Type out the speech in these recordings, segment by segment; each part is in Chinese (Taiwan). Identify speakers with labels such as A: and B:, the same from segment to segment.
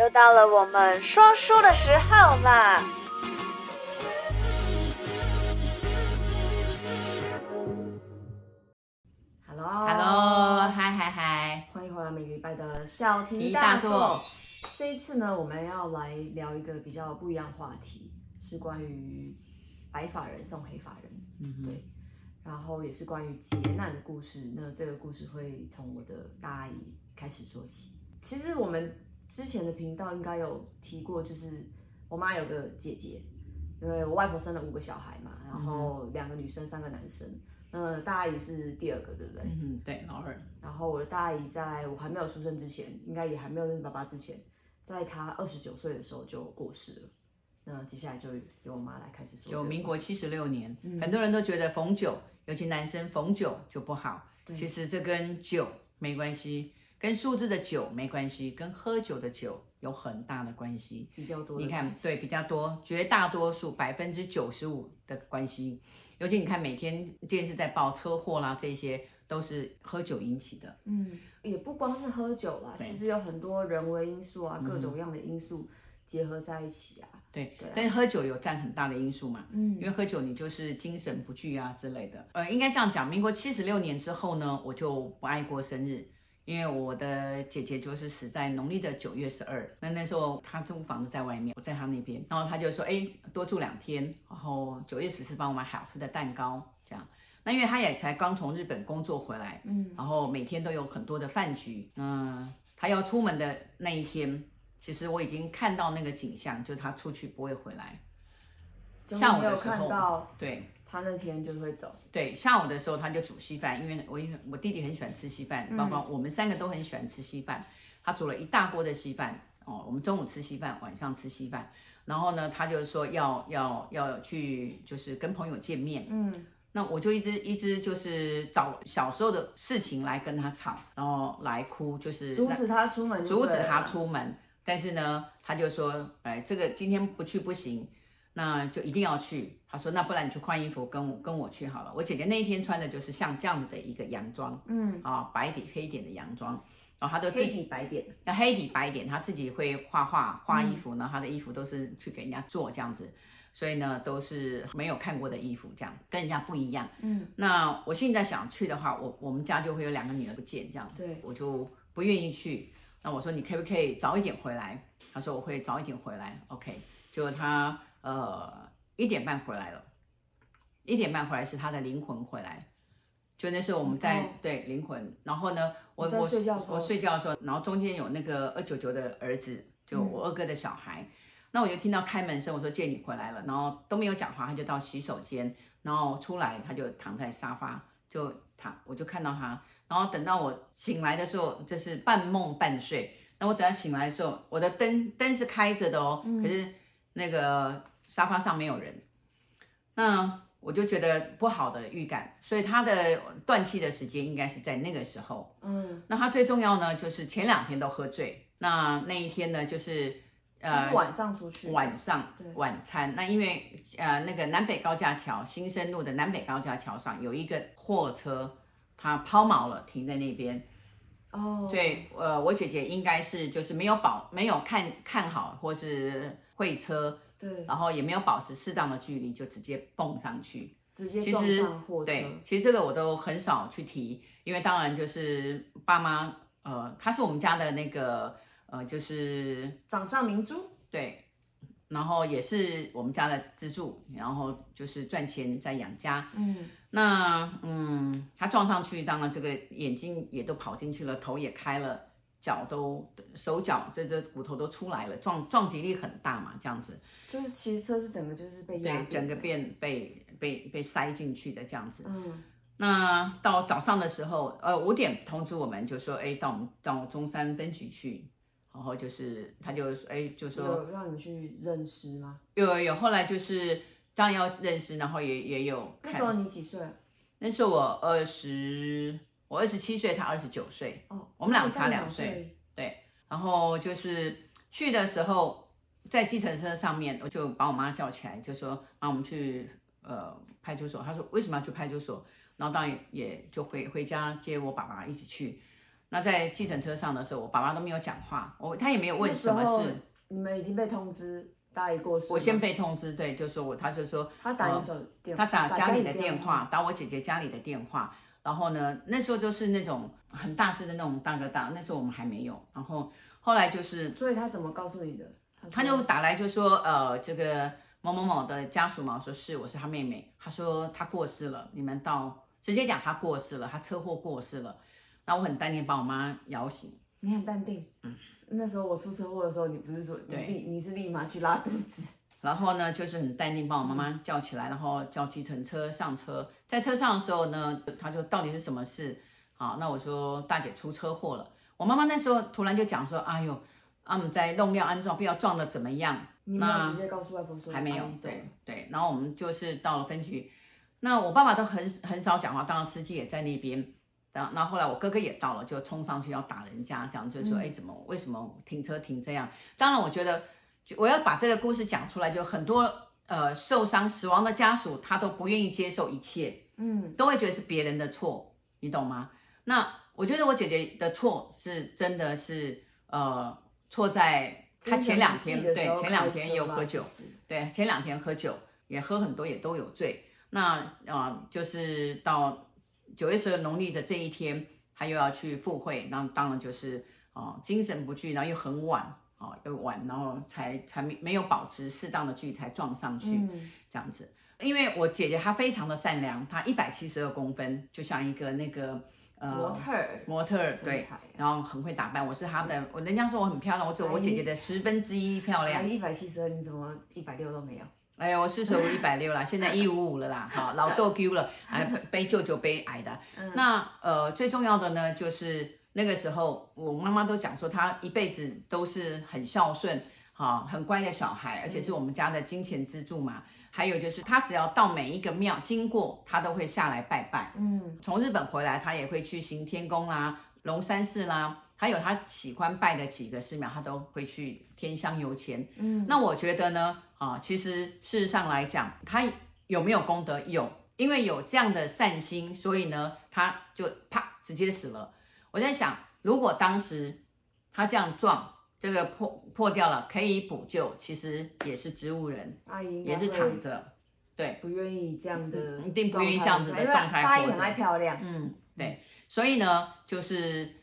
A: 又
B: 到
A: 了我們說書的時候啦！Hello，Hello，嗨嗨嗨，Hello, Hello, hi, hi, hi. 歡迎回來每個禮拜的小題大做。大作這一次呢，我們要來聊一個比較不一樣話題，是關於白髮人送黑髮人，嗯、mm hmm. 對，然後也是關於劫難的故事。那這個故事會從我的大阿姨開始說起。其實我們，之前的頻道應該有提過，就是我媽有個姐姐，因為我外婆生了五個小孩嘛，然後兩個女生，三個男生。那大姨是第二個，對不對？嗯，對，老二。然後我的大姨在我還沒有出生之前，應該也還沒有認識爸爸之前，在她二十九歲的時候就過世了。那接下來就由我媽來開始
B: 說。有民國七十六年，嗯、很多人都覺得逢九，尤其男生逢九就不好。對其實這跟九沒關係。跟數字的酒沒關係，跟喝酒的酒有很大的關係。比較多的，你看，對，比較多，絕大多數百分之九十五的關係。尤其你看，每天電視在報車禍啦，這些都是喝酒引起的。嗯，
A: 也不光是喝酒啦，對其實有很多人為因素
B: 啊，嗯、哼各種各樣的因素結合在一起啊。對，對、啊。但是喝酒有占很大的因素嘛？嗯，因為喝酒你就是精神不聚啊之類的。呃，應該這樣講，民國七十六年之後呢，嗯、我就不愛過生日。因為我的姐姐就是死在農曆的九月十二，那那時候她租房子在外面，我在她那邊，然後她就說：“哎，多住兩天，然後九月十四幫我買好吃的蛋糕，這樣。”那因為她也才剛從日本工作回來，嗯，然後每天都有很多的飯局。嗯，嗯，她要出門的那一天，其實我已經看到那個景象，就是她出去不會回來。下午的時候，對，
A: 他那天就會走。
B: 對，下午的時候他就煮稀飯，因為我因為我弟弟很喜歡吃稀飯，嗯，包括我們三個都很喜歡吃稀飯。他煮了一大鍋的稀飯哦，我們中午吃稀飯，晚上吃稀飯。然後呢，他就說要要要去，就是跟朋友見面。嗯，那我就一直一直就是找小時候的事情來跟他吵，然後來哭，就是阻止他
A: 出門，阻止他
B: 出門。但是呢，他就說，哎，這個今天不去不行。那就一定要去。他說：“那不然你去換衣服，跟我跟我去好了。”我姐姐那一天穿的就是像這樣子的一個洋裝，嗯，啊，白底黑點的洋裝。然後她都自己白點，那黑底白點，她自己會畫畫、畫衣服，嗯，然後她的衣服都是去給人家做這樣子，所以呢都是沒有看過的衣服，這樣跟人家不一樣。嗯，那我現在想去的話，我我們家就會有兩個女兒不見這樣子，對，我就不願意去。那我說你可不可以早一點回來？她說我會早一點回來。OK，就她。呃，一點半回來了。一點半回來是他的靈魂回來，就那時候我們在對、對靈魂。然後呢，我睡覺的時候我我睡覺的時候，然後中間有那個二舅舅的兒子，就我二哥的小孩。嗯、那我就聽到開門聲，我說：“見你回來了。”然後都沒有講話，他就到洗手間，然後出來，他就躺在沙發，就躺，我就看到他。然後等到我醒來的時候，這、就是半夢半睡。那我等他醒來的時候，我的燈燈是開着的哦，嗯、可是。那個沙發上沒有人，那我就覺得不好的預感，所以他的斷氣的時間應該是在那個時候。嗯，那他最重要呢，就是前兩天都喝醉，那那一天呢，就是呃是晚
A: 上出去，晚
B: 上對晚餐。那因為呃那個南北高架橋新生路的南北高架橋上有一個貨車，它拋錨了，停在那邊。哦，對，呃，我姐姐應該是就是沒有保沒有看看好或是。會車，對，然後也沒有保持適當的距離，就直接蹦上去，直接撞上貨車。對，其實這個我都很少去提，因為當然就是爸媽，呃，他是我們家的那個，呃，就是掌上明珠，對，然後也是我們家的支柱，然後就是賺錢在養家，嗯，那嗯，他撞上去，當然這個眼睛也都跑進去了，頭也開了。腳都手腳這這骨頭都出來了，撞撞擊力很大嘛，這樣子。
A: 就是騎車是整個就是被壓，對，整個
B: 變被被被被塞進去的這樣子。嗯。那到早上的時候，呃，五點通知我們，就說，哎，到我們到中山分局去，然後就是他就說，哎，就說有
A: 讓你去認屍
B: 嗎？有有，後來就是當然要認屍，然後也也有。那時候你幾歲？那時候我二十。我二十七歲，他二十九歲，
A: 哦、我們兩個差兩歲，
B: 對。然後就是去的時候，在計程車上面，我就把我媽叫起來，就說：“媽、啊，我們去呃派出所。”他說：“為什麼要去派出所？”然後當然也就回回家接我爸爸一起去。那在計程車上的時候，嗯、我爸爸都沒有講話，我他也沒有問什麼事。
A: 你們已經被通知大姨過世，我先
B: 被通知，對，就是我，他就說
A: 他打他打家裡的電話，
B: 打電話，打我姐姐家裡的電話。然後呢？那時候就是那種很大只的那種大哥大，那時候我們還沒有。然後後來就是，所以他怎麼告訴你的？他，他就打來就說：“呃，這個某某某的家屬嘛，說是，我是他妹妹。他說他過世了，你們到直接講他過世了，他車禍過世了。那我很淡定，把我媽搖醒。你很
A: 淡定？嗯，那時候我出車禍
B: 的時候，你不是說你立對你是立馬去拉肚子。”然後呢，就是很淡定，把我媽媽叫起來，然後叫計程車上車。在車上的時候呢，他就到底是什麼事？好，那我說大姐出車禍了。我媽媽那時候突然就講說：“哎呦，他、啊、們在弄料安裝，不知道撞的怎麼樣。”你沒有直接告
A: 訴外婆說還沒有？
B: 對對。然後我們就是到了分局，對那我爸爸都很很少講話。當然司機也在那邊。然後後來我哥哥也到了，就衝上去要打人家，講就說：“哎、嗯，怎麼為什麼停車停這樣？”當然我覺得。就我要把這個故事講出來，就很多呃受傷死亡的家屬，他都不願意接受一切，嗯，都會覺得是別人的錯，你懂嗎？那我覺得我姐姐的錯是真的是呃錯在她前兩天，對，前兩天有喝酒，對，前兩天喝酒也喝很多，也都有醉。那啊、呃，就是到九月十二農曆的這一天，他又要去赴會，那當然就是啊、呃，精神不具，然後又很晚。哦，又晚，然後才才沒有保持適當的距離，才撞上去，這樣子。因為我姐姐她非常的善良，她一百七十二公分，就像一個那個呃模特模特，對，然後很會打扮。我是她的，我人家說我很漂亮，我只有我姐姐的十分之一漂亮。一百七十二，你怎麼一百六都沒有？哎呀，我四十五一百六啦，現在一五五了啦，哈，老逗 Q 了，哎背舅舅背矮的。那呃最重要的呢就是。那個時候，我媽媽都講說，她一輩子都是很孝順、哈、啊、很乖的小孩，而且是我們家的金錢支柱嘛。還有就是，她只要到每一個廟經過，她都會下來拜拜。嗯，從日本回來，她也會去行天宮啦、龍山寺啦，還有她喜歡拜的幾個寺廟，她都會去添香油錢。嗯，那我覺得呢，啊，其實事實上來講，她有沒有功德？有，因為有這樣的善心，所以呢，她就啪直接死了。我在想，如果當時他這樣撞，這個破破掉了，可以補救，其實也是植物人，
A: 阿姨也是躺着，
B: 對，不願意這樣的，一定不願意這樣子的狀態活着。阿姨很愛
A: 漂亮，嗯，
B: 對，所以呢，就是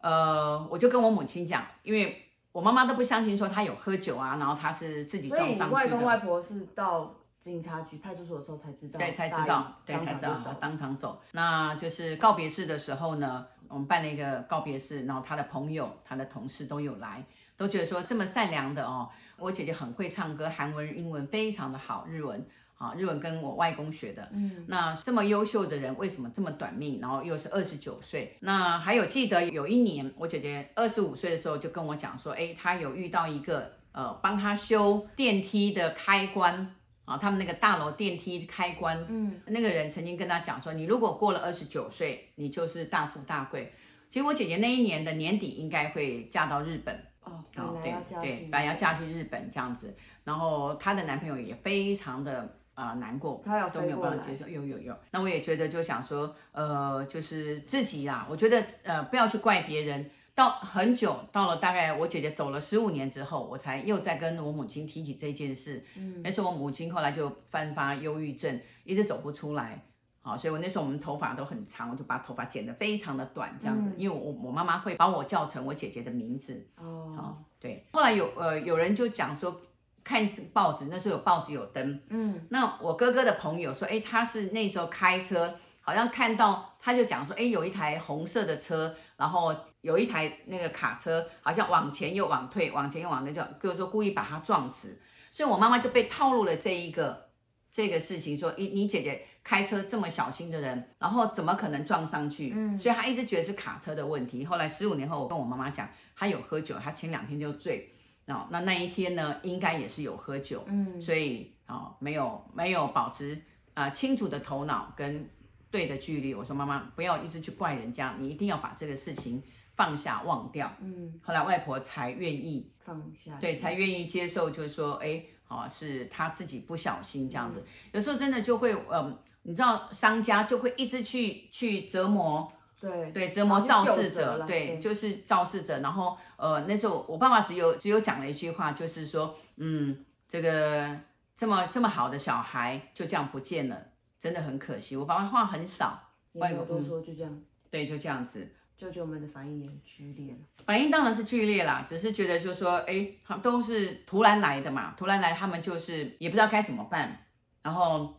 B: 呃，我就跟我母親講，因為我媽媽都不相信說他有喝酒啊，然後他是自己撞上去的。外公外
A: 婆是到警察局派出所的時候才知道，對，才知道，姨對，才知道，
B: 當場走。那就是告別式的時候呢。我們辦了一個告別式，然後他的朋友、他的同事都有來，都覺得說這麼善良的哦，我姐姐很會唱歌，韓文、英文非常的好，日文啊，日文跟我外公學的，嗯，那這麼優秀的人，為什麼這麼短命？然後又是二十九歲，那還有記得有一年，我姐姐二十五歲的時候就跟我講說，哎，她有遇到一個呃，幫她修電梯的開關。啊，他們那個大樓電梯開關，嗯，那個人曾經跟他講說，你如果過了二十九歲，你就是大富大貴。其實我姐姐那一年的年底應該會嫁到日本，哦，對、嗯、對，反正要嫁去日本這樣子。然後她的男朋友也非常的呃難過，他過都沒有辦法接受，有有有。那我也覺得就想說，呃，就是自己呀、啊，我覺得呃不要去怪別人。到很久，到了大概我姐姐走了十五年之後，我才又在跟我母親提起這件事。嗯，那時候我母親後來就犯發憂鬱症，一直走不出來。好，所以我那時候我們頭髮都很長，我就把頭髮剪得非常的短，這樣子，嗯、因為我我媽媽會把我叫成我姐姐的名字。哦,哦，對。後來有呃有人就講說，看報紙那時候報有報紙有登。嗯，那我哥哥的朋友說，哎、欸，他是那時候開車。好像看到他就講說，哎，有一台紅色的車，然後有一台那個卡車，好像往前又往退，往前又往那叫，就是說故意把他撞死。所以我媽媽就被套路了這一個這個事情，說，咦，你姐姐開車這麼小心的人，然後怎麼可能撞上去？嗯，所以她一直覺得是卡車的問題。後來十五年後，我跟我媽媽講，她有喝酒，她前兩天就醉，哦、那那一天呢，應該也是有喝酒，嗯，所以、哦、沒有沒有保持、呃、清楚的頭腦跟。對的距離，我說媽媽不要一直去怪人家，你一定要把這個事情放下忘掉。嗯，後來外婆才願意放下，就
A: 是，對，才
B: 願意接受，就是說，哎，哦，是他自己不小心這樣子。嗯、有時候真的就會，嗯、呃，你知道商家就會一直去去折磨，對、嗯，對，對折磨肇事者，對，對，就是肇事者。然後，呃，那時候我爸爸只有只有講了一句話，就是說，嗯，這個這麼這麼好的小孩就這樣不見了。真的很可惜，我爸爸話很少，也沒有多說，就這樣，嗯。對，就這樣子。舅舅們的反應也很劇烈。反應當然是劇烈啦，只是覺得就說，哎，他們都是突然來的嘛，突然來，他們就是也不知道該怎麼辦，然後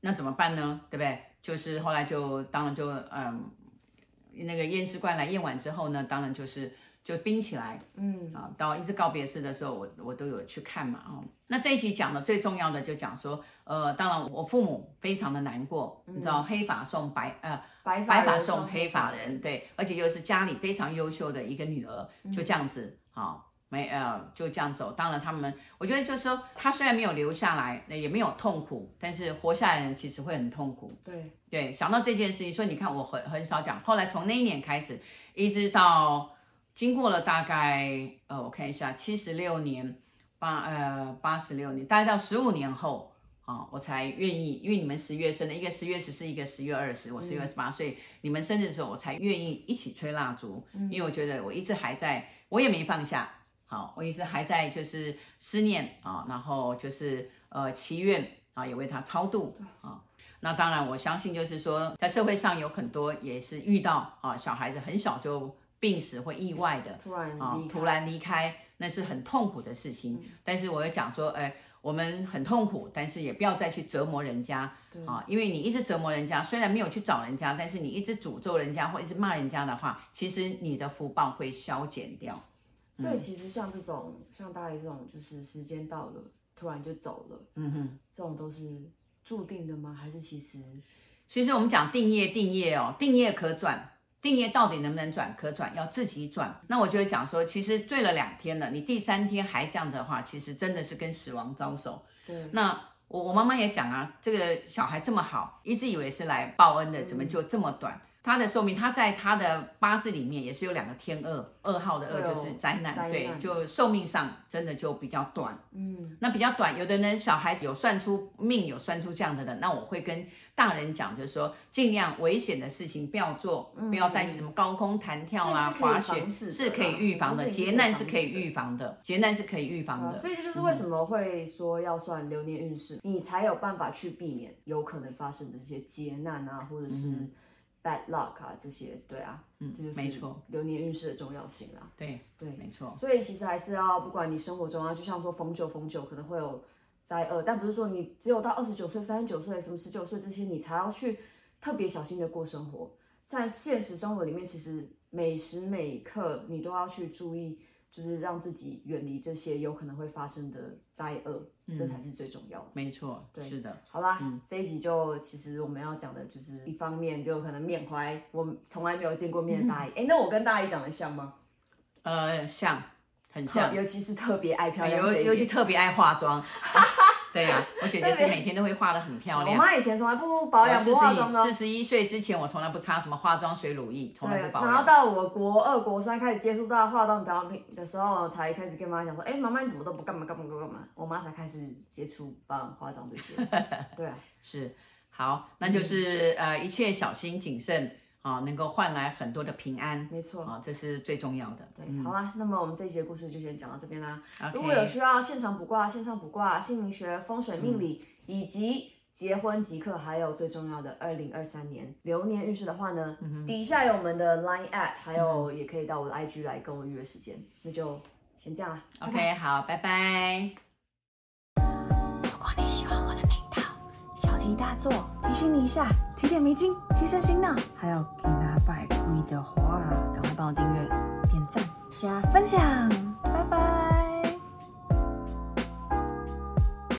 B: 那怎麼辦呢？對不對？就是後來就當然就嗯、呃，那個驗屍官來驗完之後呢，當然就是。就冰起來，嗯啊，到一直告別式的時候，我我都有去看嘛，哦、那這一集講的最重要的就講說，呃，當然我父母非常的難過，嗯、你知道黑髮送白呃白髮白髮送黑髮人，對，對，而且又是家裡非常優秀的一個女兒，就這樣子，好、嗯哦、沒呃就這樣走，當然他們，我覺得就是說他雖然沒有留下來，那也沒有痛苦，但是活下來的人其實會很痛苦，對對，想到這件事情，說你看我很很少講，後來從那一年開始，一直到。經過了大概呃，我看一下，七十六年八呃八十六年，呃、年大概到十五年後啊，我才願意，因為你們十月生的，一個十月十四，一個十月二十，我十月二十八歲，嗯、你們生日的時候我才願意一起吹蠟燭，因為我覺得我一直還在，我也沒放下，好、啊，我一直還在就是思念啊，然後就是呃祈願啊，也為他超度啊。那當然，我相信就是說，在社會上有很多也是遇到啊，小孩子很小就。病死或意外的，啊、哦，突然離開，那是很痛苦的事情。嗯、但是我有講說，哎、欸，我們很痛苦，但是也不要再去折磨人家，啊、嗯哦，因為你一直折磨人家，雖然沒有去找人家，但是你一直詛咒人家或一直罵人家的話，其實你的福報會消減掉。
A: 所以其實像這種，嗯、像大姨這種，就是時間到了，突然就走了，嗯哼，
B: 這
A: 種都是注定的嗎？還是其實？
B: 其實我們講定業，定業哦，定業可轉。定業到底能不能轉？可轉要自己轉。那我就會講說，其實醉了兩天了，你第三天還這樣的話，其實真的是跟死亡招手。對。那我我媽媽也講啊，這個小孩這麼好，一直以為是來報恩的，怎麼就這麼短？嗯他的壽命，他在他的八字裡面也是有兩個天二二號的二，就是災難，對，就壽命上真的就比較短。嗯，那比較短。有的人小孩子有算出命，有算出這樣的，那我會跟大人講，就是說盡量危險的事情不要做，不要帶去什麼高空彈跳啊、滑雪，是可以預防的。劫難是可以預防的，劫難是可以預防的。所以這就是為什
A: 麼會說要算流年運勢，你才有辦法去避免有可能發生的這些劫難啊，或者是。bad luck 啊，這些。對啊，嗯，這就是流年運勢的重要性啦。對、嗯、對，對，沒錯。所以其實還是要，不管你生活中啊，就像說逢九，逢九可能會有災厄，但不是說你只有到二十九歲、三十九歲、什麼十九歲這些，你才要去特別小心的過生活。在現實生活裡面，其實每時每刻你都要去注意。就是讓自己遠離這些有可能會發生的災厄，嗯、這才是最重要的。沒錯錯，對，是的，好吧啦。嗯、這一集就其實我們要講的，就是一方面就可能緬懷我從來沒有見過面的大姨。哎、嗯哼欸，那我跟大姨長得像嗎？呃，像，
B: 很像，尤其是特別愛漂亮，尤、呃、尤其特別愛化妝。 對呀、啊，我姐姐是每天都會化得很漂亮。我媽以前從來不保養、不化妝的。四十一歲之前，我從來不擦什麼化妝水、乳液，從來不保養。然後
A: 到我國二、國三開始接觸到化妝品的時候，才開始跟媽媽講說：“哎，媽媽你怎麼都不幹嘛幹，不幹嘛幹嘛”我媽才開始接觸幫化妝這些。
B: 對、啊， 是，好，那就是、嗯、呃一切小心謹慎。啊、哦，能夠換來很多的平安，沒錯錯，啊、哦，這是最重要的。對，嗯、好啦，
A: 那麼我們這一節故事就先講到這邊啦。
B: Okay，如果有需
A: 要現場卜卦、線上卜卦、心理學、風水命理、嗯、以及結婚即刻還有最重要的二零二三年流年運勢的話呢，嗯、哼底下有我們的 Line app，還有也可以到我的 IG 來跟我預約時間。嗯、哼那就先這樣啦。
B: OK，拜拜好，拜拜。如果你喜歡我的頻
A: 道，小題大做提醒你一下，提點迷津。提升心腦，還有給他擺櫃的話，趕快幫我訂閱、點讚、加分享，拜拜。